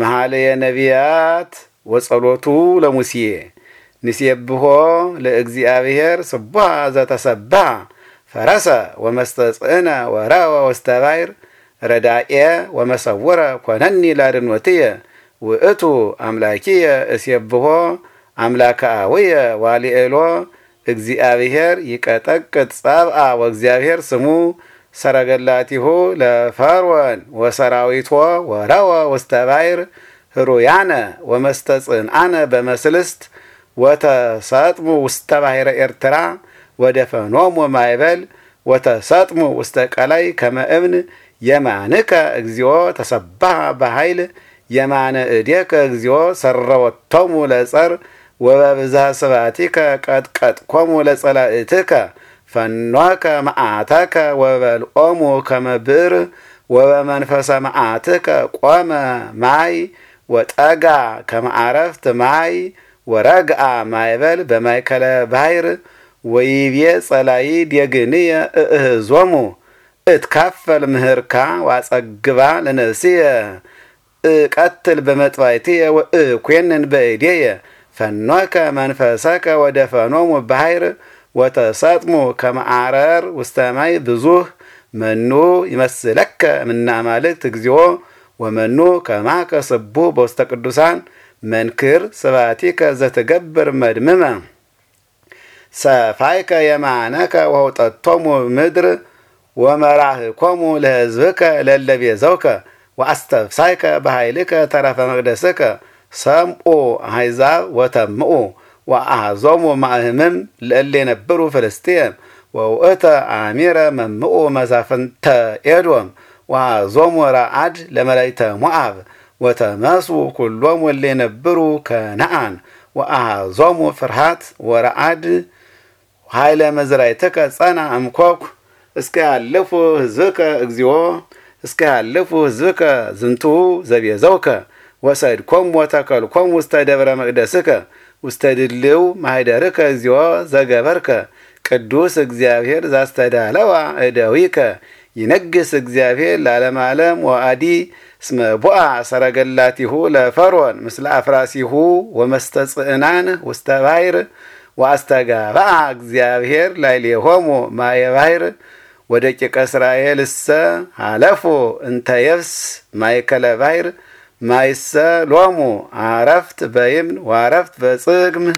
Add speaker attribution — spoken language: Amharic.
Speaker 1: መሐለየ ነቢያት ወጸሎቱ ለሙሴ ንሴብሖ ለእግዚአብሔር ስቡሐ ዘተሰባ ፈረሰ ወመስተጽእነ ወረወ ወስተባይር ረዳኤ ወመሰውረ ኮነኒ ላድንወትየ ውእቱ አምላኪየ እሴብሖ አምላከ አቡየ ዋሊኤሎ እግዚአብሔር ይቀጠቅጥ ጸብአ ወእግዚአብሔር ስሙ ሰረገላቲሁ ለፈርዖን ወሰራዊቷ ወረወ ውስተ ባሕር ህሩያነ አነ በመስልስት ወተሰጥሙ ውስተ ባሕረ ኤርትራ ወደፈኖሙ ማዕበል ወተሰጥሙ ውስተ ቀላይ ከመ እብን የማንከ እግዚኦ ተሰባ በኃይል የማነ እዴከ እግዚኦ ሰረወቶሙ ለጸር ወበብዝሃ ስብሐቲከ ቀጥቀጥኮሙ ለጸላእትከ ፈኖከ መዓተከ ወበልኦሙ ከመብር ወበመንፈሰ መዓትከ ቆመ ማይ ወጠጋ ከመ አረፍት ማይ ወረግአ ማይበል በማእከለ ባሕር ወይቤ ጸላዪ የግንየ እእህዞሙ እትካፈል ምህርካ ዋጸግባ ለነፍስየ እቀትል በመጥባይትየ ወእኮንን በእዴየ ፈኖከ መንፈሰከ ወደፈኖሙ ባይር ወተሰጥሙ ከመዓረር ውስተ ማይ ብዙህ መኖ ይመስለከ እምናማልክት እግዚኦ ወመኑ ከማከ ስቡህ በውስተ ቅዱሳን መንክር ስባቲከ ዘትገብር መድምመ ሰፋይከ የማነከ ወውጠቶሙ ምድር ወመራህኮሙ ለሕዝብከ ለእለ ቤዘውከ ወአስተፍሳይከ በኃይልከ ተረፈ መቅደስከ ሰምኡ አሕዛብ ወተምኡ ወአዕዞሙ ማእህምም ለእለ የነበሩ ፍልስጤም ወውእተ አሚረ መምኡ መሳፍንተ ኤዶም ወአዕዞሙ ረአድ ለመላይተ ሞዓብ ወተመስኡ ኩሎም እለ የነበሩ ከነአን ወአዕዞሙ ፍርሃት ወረአድ ኃይለ መዝራእትከ ጸንዐ እምኮኩ እስከ ያለፉ ህዝብከ እግዚኦ እስከ ያለፉ ህዝብከ ዝንቱ ዘቤዘውከ ወሰድ ኮም ወተከሉ ኮም ውስተ ደብረ መቅደስከ ውስተ ድልው ማህደርከ እዚዮ ዘገበርከ ቅዱስ እግዚአብሔር ዛስተዳለዋ እደዊከ ይነግስ እግዚአብሔር ለዓለም ዓለም ወአዲ እስመ ቦአ ሰረገላቲሁ ለፈርዖን ምስለ አፍራሲሁ ወመስተጽእናን ውስተ ባሕር ወአስተጋብአ እግዚአብሔር ላዕሌሆሙ ማየ ባሕር ወደቂቀ እስራኤል እሰ ሃለፎ እንተ የብስ ማይሰ ሎሙ አረፍት በይምን ወአረፍት በጽግም